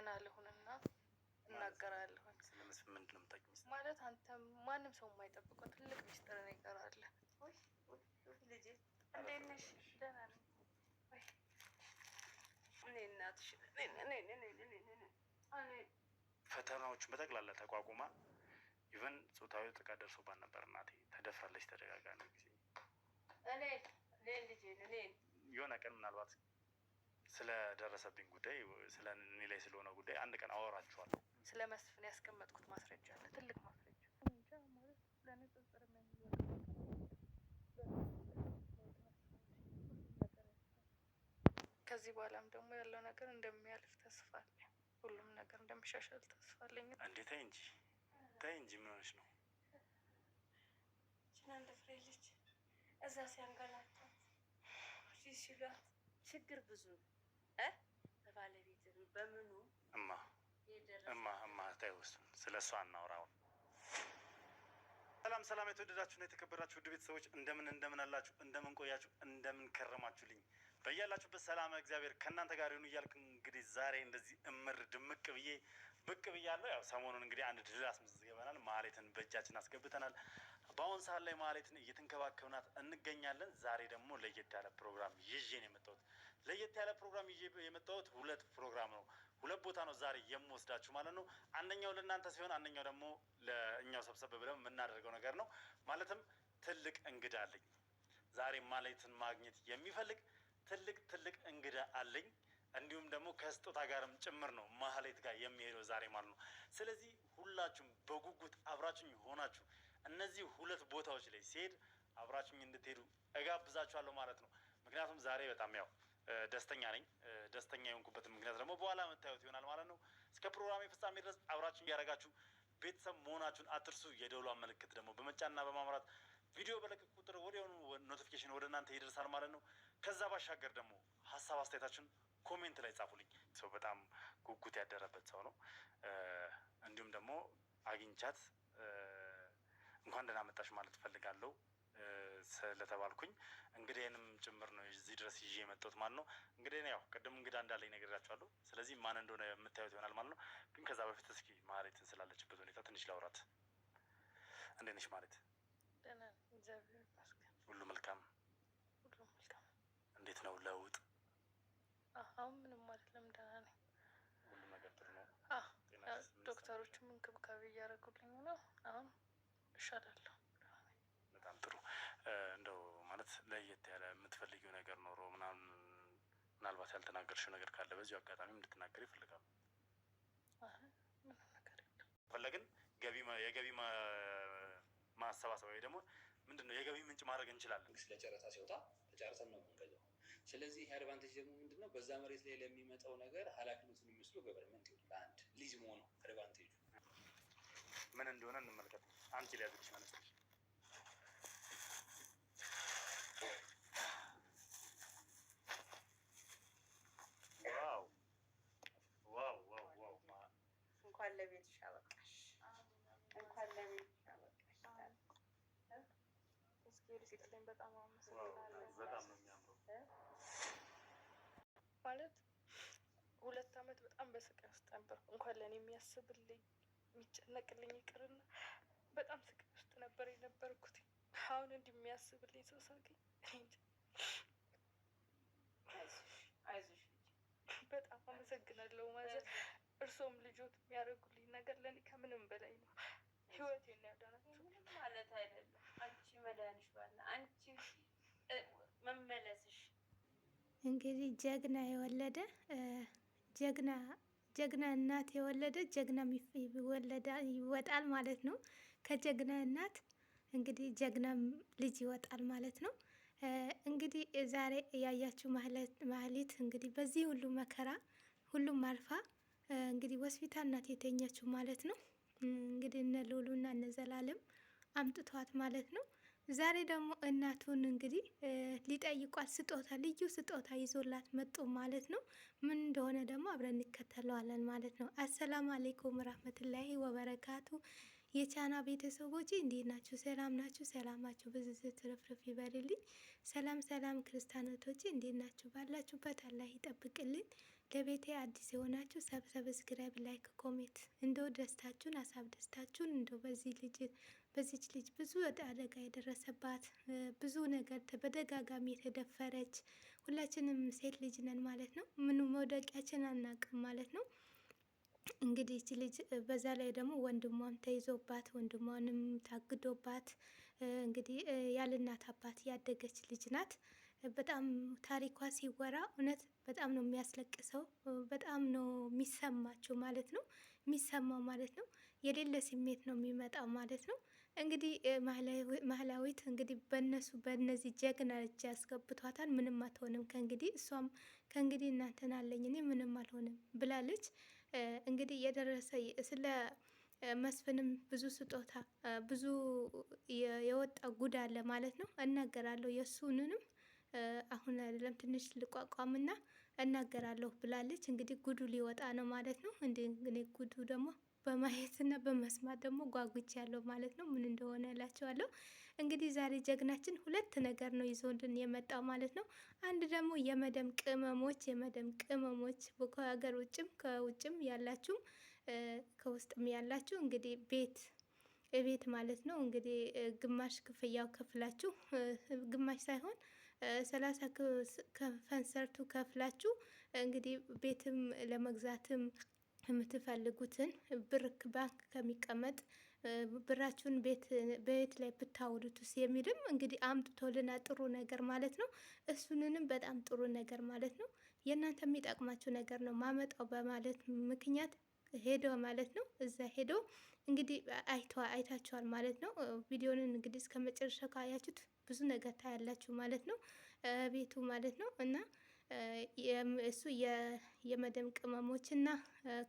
ገና ልሁንና እናገራለሁ። ማለት አንተ ማንም ሰው የማይጠብቀው ትልቅ ሚስጥር ነው ይቀራለ። እንዴት ነሽ? ደህና ነኝ። ፈተናዎቹን በጠቅላላ ተቋቁማ ኢቨን ጾታዊ ጥቃት ደርሶባት ነበር። እናቴ ተደፍራለች ተደጋጋሚ ጊዜ የሆነ ቀን ምናልባት ስለደረሰብኝ ጉዳይ ስለ እኔ ላይ ስለሆነ ጉዳይ አንድ ቀን አወራችኋለሁ። ስለ መስፍን ያስቀመጥኩት ማስረጃ አለ፣ ትልቅ ማስረጃ ከዚህ በኋላም ደግሞ ያለው ነገር እንደሚያልፍ ተስፋ አለ። ሁሉም ነገር እንደሚሻሻል ተስፋ አለኝ። እንዴ ተይ እንጂ ተይ እንጂ ምን ሆነሽ ነው? ይችን አንድ ፍሬ ልጅ እዛ ሲያንገላታት ችግር ብዙ ነው። በባለቤት በምኑ እማ እማ እማ ታይ ውስጥ ስለ እሷ አናውራውን። ሰላም ሰላም፣ የተወደዳችሁና የተከበራችሁ ውድ ቤተሰቦች እንደምን እንደምን አላችሁ? እንደምን ቆያችሁ? እንደምን ከረማችሁልኝ? በያላችሁበት ሰላም እግዚአብሔር ከእናንተ ጋር ይሁን እያልኩ እንግዲህ ዛሬ እንደዚህ እምር ድምቅ ብዬ ብቅ ብያለሁ። ያው ሰሞኑን እንግዲህ አንድ ድል አስመዝግበናል። ማህሌትን በእጃችን አስገብተናል። በአሁን ሰዓት ላይ ማህሌትን እየተንከባከብናት እንገኛለን። ዛሬ ደግሞ ለየት ያለ ፕሮግራም ይዤ ነው የመጣሁት። ለየት ያለ ፕሮግራም ይዤ የመጣሁት ሁለት ፕሮግራም ነው። ሁለት ቦታ ነው ዛሬ የምወስዳችሁ ማለት ነው። አንደኛው ለእናንተ ሲሆን፣ አንደኛው ደግሞ ለእኛው ሰብሰብ ብለን የምናደርገው ነገር ነው። ማለትም ትልቅ እንግዳ አለኝ ዛሬ ማለትን ማግኘት የሚፈልግ ትልቅ ትልቅ እንግዳ አለኝ። እንዲሁም ደግሞ ከስጦታ ጋርም ጭምር ነው ማህሌት ጋር የሚሄደው ዛሬ ማለት ነው። ስለዚህ ሁላችሁም በጉጉት አብራችሁኝ ሆናችሁ እነዚህ ሁለት ቦታዎች ላይ ሲሄድ አብራችሁኝ እንድትሄዱ እጋብዛችኋለሁ ማለት ነው። ምክንያቱም ዛሬ በጣም ያው ደስተኛ ነኝ። ደስተኛ የሆንኩበትን ምክንያት ደግሞ በኋላ መታየት ይሆናል ማለት ነው። እስከ ፕሮግራሜ ፍጻሜ ድረስ አብራችን እያደረጋችሁ ቤተሰብ መሆናችሁን አትርሱ። የደውሏን ምልክት ደግሞ በመጫንና በማምራት ቪዲዮ በለቀቅ ቁጥር ወዲያውኑ ኖቲፊኬሽን ወደ እናንተ ይደርሳል ማለት ነው። ከዛ ባሻገር ደግሞ ሀሳብ አስተያየታችሁን ኮሜንት ላይ ጻፉልኝ። ሰው በጣም ጉጉት ያደረበት ሰው ነው። እንዲሁም ደግሞ አግኝቻት እንኳን ደህና መጣሽ ማለት እፈልጋለሁ። ስለተባልኩኝ እንግዲህንም ጭምር ነው እዚህ ድረስ ይዤ የመጣሁት ማለት ነው። እንግዲህ ያው ቅድም እንግዳ እንዳለኝ ነግሬያቸዋለሁ። ስለዚህ ማን እንደሆነ የምታዩት ይሆናል ማለት ነው። ግን ከዛ በፊት እስኪ ማህሌት ስላለችበት ሁኔታ ትንሽ ላውራት። እንዴት ነሽ ማህሌት? ሁሉ መልካም እንዴት ነው ለውጥ? አሁን ምንም አይደለም፣ ደህና ነኝ። ሁሉ ነገር ጥሩ ነው። ዶክተሮቹም እንክብካቤ እያደረጉልኝ ነው። አሁን እሻላለሁ። እንደው ማለት ለየት ያለ የምትፈልጊው ነገር ኖሮ ምናምን ምናልባት ያልተናገርሽው ነገር ካለ በዚሁ አጋጣሚ እንድትናገር ይፈልጋሉ። ፈለግን ገቢ የገቢ ማሰባሰብ ወይ ደግሞ ምንድን ነው የገቢ ምንጭ ማድረግ እንችላለን። ለጨረታ ሲወጣ ተጨረሰን ነው የምንገዛው። ስለዚህ ይህ አድቫንቴጅ ደግሞ ምንድን ነው? በዛ መሬት ላይ ለሚመጣው ነገር ኃላፊነቱን የሚወስዱ ገቨርንመንት ይሆ ለአንድ ሊዝ መሆኑ አድቫንቴጁ ምን እንደሆነ እንመልከት። አንቺ ሊያዝች መነስች ለቤትሽ አበቃሽ። እንኳን ለቤትሽ አበቃሽ። በጣም አመሰግናለሁ። ማለት ሁለት አመት በጣም በስቃይ ውስጥ ነበር። እንኳን ለእኔ የሚያስብልኝ የሚጨነቅልኝ ይቅርና በጣም ስቃይ ውስጥ ነበር የነበርኩት። አሁን እንዲህ የሚያስብልኝ ሰው ሳገኝ በጣም አመሰግናለሁ ማለት እርስዎም ልጆት የሚያደርጉልኝ ነገር ለእኔ ከምንም በላይ ነው። ህይወት የሚያዳናቸው ማለት አይደለም። አንቺ መድኃኒሽ ባለ አንቺ መመለስሽ እንግዲህ ጀግና የወለደ ጀግና ጀግና እናት የወለደ ጀግና ወለደ ይወጣል ማለት ነው። ከጀግና እናት እንግዲህ ጀግና ልጅ ይወጣል ማለት ነው። እንግዲህ ዛሬ ያያችሁ ማህሌት እንግዲህ በዚህ ሁሉ መከራ ሁሉም አልፋ እንግዲህ ሆስፒታል ናት የተኛችው ማለት ነው። እንግዲህ እነ እና እነ ዘላለም አምጥቷት ማለት ነው። ዛሬ ደግሞ እናቱን እንግዲህ ሊጠይቋት ስጦታ ልዩ ስጦታ ይዞላት መጡ ማለት ነው። ምን እንደሆነ ደግሞ አብረን እንከተለዋለን ማለት ነው። አሰላሙ አሌይኩም ራህመቱላሂ ወበረካቱ የቻና ቤተሰቦች እንዴት ናችሁ? ሰላም ናችሁ? ሰላማችሁ ብዙ ስትረፍረፍ ይበልልኝ። ሰላም ሰላም ክርስቲያኖቶች እንዴት ናችሁ? ባላችሁበት አላህ ይጠብቅልኝ። ለቤቴ አዲስ የሆናችሁ ሰብ ሰብስክራይብ፣ ላይክ፣ ኮሜንት እንደው ደስታችሁን አሳብ ደስታችሁን እንደው በዚህ ልጅ በዚች ልጅ ብዙ አደጋ የደረሰባት ብዙ ነገር በደጋጋሚ የተደፈረች ሁላችንም ሴት ልጅ ነን ማለት ነው። ምኑ መውደቂያችን አናቅም ማለት ነው። እንግዲህ ይቺ ልጅ በዛ ላይ ደግሞ ወንድሟም ተይዞባት ወንድሟንም ታግዶባት እንግዲህ ያለ እናት አባት ያደገች ልጅ ናት። በጣም ታሪኳ ሲወራ እውነት በጣም ነው የሚያስለቅሰው። በጣም ነው የሚሰማቸው ማለት ነው የሚሰማው ማለት ነው። የሌለ ስሜት ነው የሚመጣው ማለት ነው። እንግዲህ ማህላዊት እንግዲህ በነሱ በነዚህ ጀግና እጅ ያስገብቷታል። ምንም አትሆንም ከእንግዲህ እሷም ከእንግዲህ እናንተን አለኝ እኔ ምንም አልሆንም ብላለች። እንግዲህ የደረሰ ስለ መስፍንም ብዙ ስጦታ ብዙ የወጣ ጉድ አለ ማለት ነው። እናገራለሁ የእሱንንም አሁን አይደለም ትንሽ ልቋቋምና እናገራለሁ ብላለች። እንግዲህ ጉዱ ሊወጣ ነው ማለት ነው። እንግዲህ ጉዱ ደግሞ በማየትና በመስማት ደግሞ ጓጉች ያለው ማለት ነው። ምን እንደሆነ እላቸዋለሁ። እንግዲህ ዛሬ ጀግናችን ሁለት ነገር ነው ይዞልን የመጣው ማለት ነው። አንድ ደግሞ የመደም ቅመሞች የመደም ቅመሞች ከሀገር ውጭም ከውጭም ያላችሁም ከውስጥም ያላችሁ እንግዲህ ቤት ቤት ማለት ነው እንግዲህ ግማሽ ክፍያው ከፍላችሁ ግማሽ ሳይሆን ሰላሳ ከንሰርቱ ከፍላችሁ እንግዲህ ቤትም ለመግዛትም የምትፈልጉትን ብር ባንክ ከሚቀመጥ ብራችሁን በቤት ላይ ብታውሉትስ የሚልም እንግዲህ አምጥቶልና ጥሩ ነገር ማለት ነው። እሱንንም በጣም ጥሩ ነገር ማለት ነው። የእናንተ የሚጠቅማችሁ ነገር ነው ማመጣው በማለት ምክንያት ሄዶ ማለት ነው። እዛ ሄዶ እንግዲህ አይታችኋል ማለት ነው። ቪዲዮን እንግዲህ እስከ መጨረሻ ካያችሁት ብዙ ነገር ታያላችሁ ማለት ነው። ቤቱ ማለት ነው እና እሱ የመደም ቅመሞች እና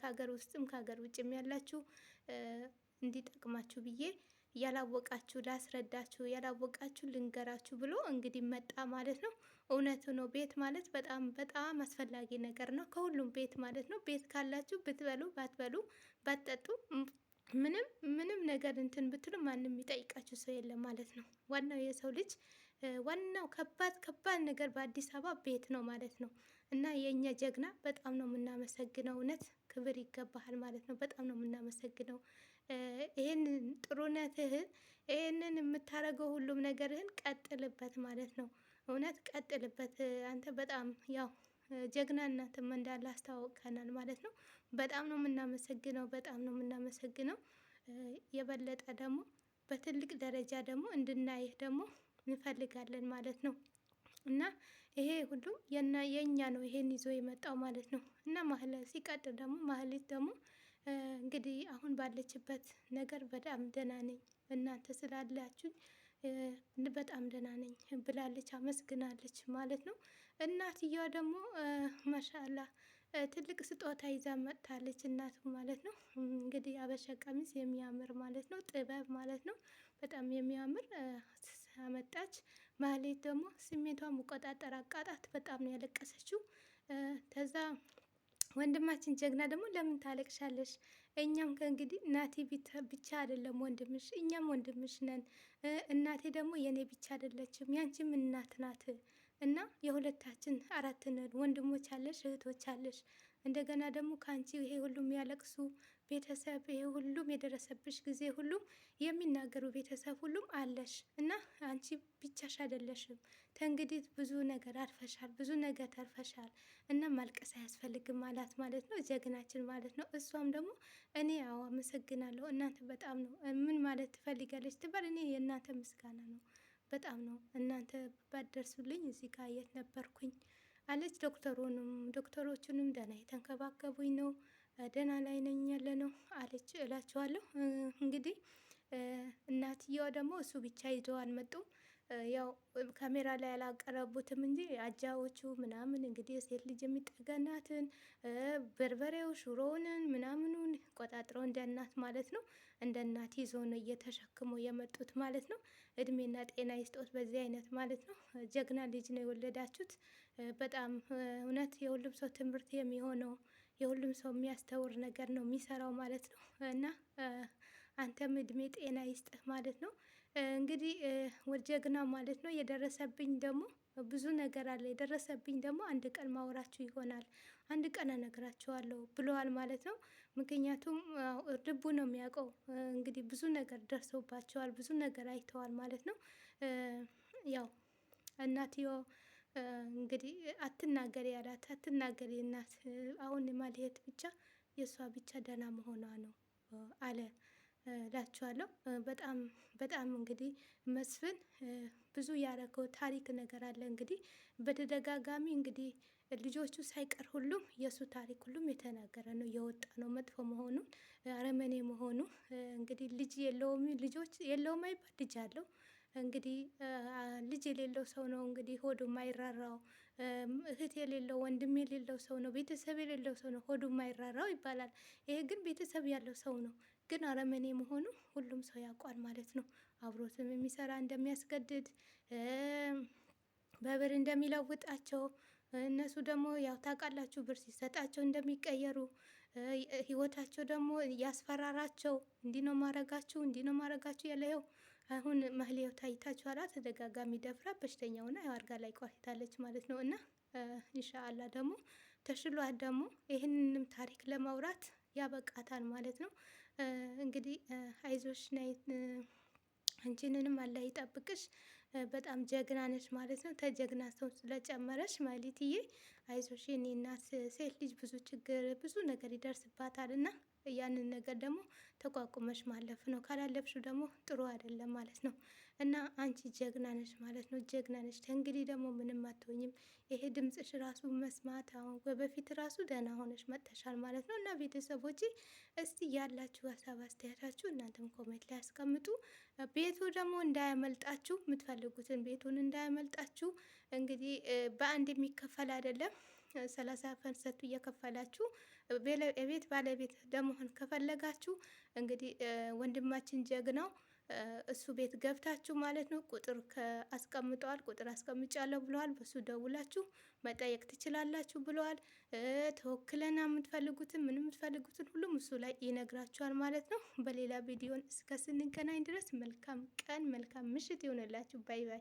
ከሀገር ውስጥም ከሀገር ውጭም ያላችሁ እንዲጠቅማችሁ ብዬ ያላወቃችሁ ላስረዳችሁ፣ ያላወቃችሁ ልንገራችሁ ብሎ እንግዲህ መጣ ማለት ነው። እውነቱ ነው። ቤት ማለት በጣም በጣም አስፈላጊ ነገር ነው። ከሁሉም ቤት ማለት ነው። ቤት ካላችሁ ብትበሉ ባትበሉ ባትጠጡ ምንም ምንም ነገር እንትን ብትሉ ማንም የሚጠይቃችሁ ሰው የለም ማለት ነው። ዋናው የሰው ልጅ ዋናው ከባድ ከባድ ነገር በአዲስ አበባ ቤት ነው ማለት ነው። እና የእኛ ጀግና በጣም ነው የምናመሰግነው። እውነት ክብር ይገባሃል ማለት ነው። በጣም ነው የምናመሰግነው። ይህንን ጥሩነትህን ይህንን የምታደርገው ሁሉም ነገርህን ቀጥልበት ማለት ነው። እውነት ቀጥልበት አንተ። በጣም ያው ጀግና እናትም እንዳለ አስታወቀናል ማለት ነው። በጣም ነው የምናመሰግነው፣ በጣም ነው የምናመሰግነው። የበለጠ ደግሞ በትልቅ ደረጃ ደግሞ እንድናይህ ደግሞ እንፈልጋለን ማለት ነው። እና ይሄ ሁሉ የእኛ ነው ይሄን ይዞ የመጣው ማለት ነው። እና ማህለ ሲቀጥል ደግሞ ማህሌት ደግሞ እንግዲህ አሁን ባለችበት ነገር በጣም ደህና ነኝ እናንተ ስላላችሁ በጣም ደህና ነኝ ብላለች፣ አመስግናለች ማለት ነው። እናትየዋ ደግሞ ማሻላ ትልቅ ስጦታ ይዛ መጥታለች እናት ማለት ነው። እንግዲህ አበሻ ቀሚስ የሚያምር ማለት ነው፣ ጥበብ ማለት ነው። በጣም የሚያምር አመጣች። ማህሌት ደግሞ ስሜቷን መቆጣጠር አቃጣት። በጣም ነው ያለቀሰችው። ከዛ ወንድማችን ጀግና ደግሞ ለምን ታለቅሻለሽ? እኛም ከእንግዲህ እናቴ ብቻ አይደለም ወንድምሽ፣ እኛም ወንድምሽ ነን። እናቴ ደግሞ የእኔ ብቻ አይደለችም፣ ያንቺም እናት ናት። እና የሁለታችን አራት ነን። ወንድሞች አለሽ፣ እህቶች አለሽ። እንደገና ደግሞ ከአንቺ ይሄ ሁሉም ያለቅሱ ቤተሰብ ይሄ ሁሉም የደረሰብሽ ጊዜ ሁሉም የሚናገሩ ቤተሰብ ሁሉም አለሽ እና አንቺ ብቻሽ አይደለሽም። ተንግዲህ ብዙ ነገር አርፈሻል፣ ብዙ ነገር ተርፈሻል እና ማልቀስ አያስፈልግም አላት ማለት ነው። ጀግናችን ማለት ነው። እሷም ደግሞ እኔ አዎ አመሰግናለሁ እናንተ በጣም ነው ምን ማለት ትፈልጋለች ትባል እኔ የእናንተ ምስጋና ነው በጣም ነው እናንተ ባደርሱልኝ እዚህ ጋር የት ነበርኩኝ አለች። ዶክተሩንም ዶክተሮቹንም ደህና የተንከባከቡኝ ነው ደህና ላይ ነኝ ያለ ነው አለች እላችኋለሁ። እንግዲህ እናትየዋ ደግሞ እሱ ብቻ ይዘው አልመጡም። ያው ካሜራ ላይ አላቀረቡትም እንጂ አጃዎቹ ምናምን እንግዲህ የሴት ልጅ የሚጠገናትን በርበሬው ሽሮውንን ምናምኑን ቆጣጥረው እንደ እናት ማለት ነው እንደ እናት ይዞ ነው እየተሸክሙ የመጡት ማለት ነው። እድሜና ጤና ይስጦት በዚህ አይነት ማለት ነው። ጀግና ልጅ ነው የወለዳችሁት። በጣም እውነት የሁሉም ሰው ትምህርት የሚሆነው የሁሉም ሰው የሚያስተውር ነገር ነው የሚሰራው ማለት ነው። እና አንተም እድሜ ጤና ይስጥህ ማለት ነው። እንግዲህ ወጀግና ማለት ነው። የደረሰብኝ ደግሞ ብዙ ነገር አለ። የደረሰብኝ ደግሞ አንድ ቀን ማውራችሁ ይሆናል፣ አንድ ቀን እነግራችኋለሁ ብለዋል ማለት ነው። ምክንያቱም ልቡ ነው የሚያውቀው። እንግዲህ ብዙ ነገር ደርሶባቸዋል፣ ብዙ ነገር አይተዋል ማለት ነው። ያው እናትዮ እንግዲህ አትናገሪ ያላት አትናገሪ እናት አሁን ማልሄድ ብቻ የእሷ ብቻ ደህና መሆኗ ነው አለ ላችኋለሁ። በጣም በጣም እንግዲህ መስፍን ብዙ ያረገው ታሪክ ነገር አለ። እንግዲህ በተደጋጋሚ እንግዲህ ልጆቹ ሳይቀር ሁሉም የእሱ ታሪክ ሁሉም የተናገረ ነው የወጣ ነው መጥፎ መሆኑን አረመኔ መሆኑ እንግዲህ ልጅ የለውም ልጆች የለውም አይባል ልጅ አለው እንግዲህ ልጅ የሌለው ሰው ነው እንግዲህ ሆዱ ማይራራው፣ እህት የሌለው ወንድም የሌለው ሰው ነው፣ ቤተሰብ የሌለው ሰው ነው ሆዱ ማይራራው ይባላል። ይሄ ግን ቤተሰብ ያለው ሰው ነው። ግን አረመኔ መሆኑ ሁሉም ሰው ያውቋል ማለት ነው። አብሮትም የሚሰራ እንደሚያስገድድ በብር እንደሚለውጣቸው እነሱ ደግሞ ያው ታውቃላችሁ ብር ሲሰጣቸው እንደሚቀየሩ ህይወታቸው ደግሞ ያስፈራራቸው እንዲህ ነው ማረጋችሁ እንዲህ ነው ማረጋችሁ ያለው አሁን ማህሌው ታይታችኋላ ተደጋጋሚ ደፍራ በሽተኛ ሆና ያው አልጋ ላይ ቆይታለች ማለት ነው። እና ኢንሻአላ ደግሞ ተሽሏት ደግሞ ይህንንም ታሪክ ለማውራት ያበቃታል ማለት ነው። እንግዲህ አይዞሽ ናይ አንቺንንም አላ ይጠብቅሽ። በጣም ጀግና ነሽ ማለት ነው። ተጀግና ሰው ስለጨመረሽ ማለትዬ አይዞሽ የኔ እናት ሴት ልጅ ብዙ ችግር ብዙ ነገር ይደርስባታል እና ያንን ነገር ደግሞ ተቋቁመሽ ማለፍ ነው። ካላለፍሽው ደግሞ ጥሩ አይደለም ማለት ነው። እና አንቺ ጀግና ነሽ ማለት ነው። ጀግና ነሽ። ከእንግዲህ ደግሞ ምንም አትሆኝም። ይሄ ድምፅሽ ራሱ መስማት አሁን በፊት ራሱ ደህና ሆነሽ መጥተሻል ማለት ነው። እና ቤተሰቦች እስቲ ያላችሁ ሀሳብ አስተያየታችሁ እናንተም ኮሜንት ላይ ያስቀምጡ። ቤቱ ደግሞ እንዳያመልጣችሁ፣ የምትፈልጉትን ቤቱን እንዳያመልጣችሁ። እንግዲህ በአንድ የሚከፈል አይደለም። ሰላሳ ፐርሰንቱ እየከፈላችሁ የቤት ባለቤት ለመሆን ከፈለጋችሁ እንግዲህ ወንድማችን ጀግናው እሱ ቤት ገብታችሁ ማለት ነው። ቁጥር አስቀምጠዋል። ቁጥር አስቀምጫለሁ ብለዋል። በሱ ደውላችሁ መጠየቅ ትችላላችሁ ብለዋል። ተወክለና የምትፈልጉትን ምን የምትፈልጉትን ሁሉም እሱ ላይ ይነግራችኋል ማለት ነው። በሌላ ቪዲዮን እስከ ስንገናኝ ድረስ መልካም ቀን፣ መልካም ምሽት ይሆንላችሁ። ባይ ባይ።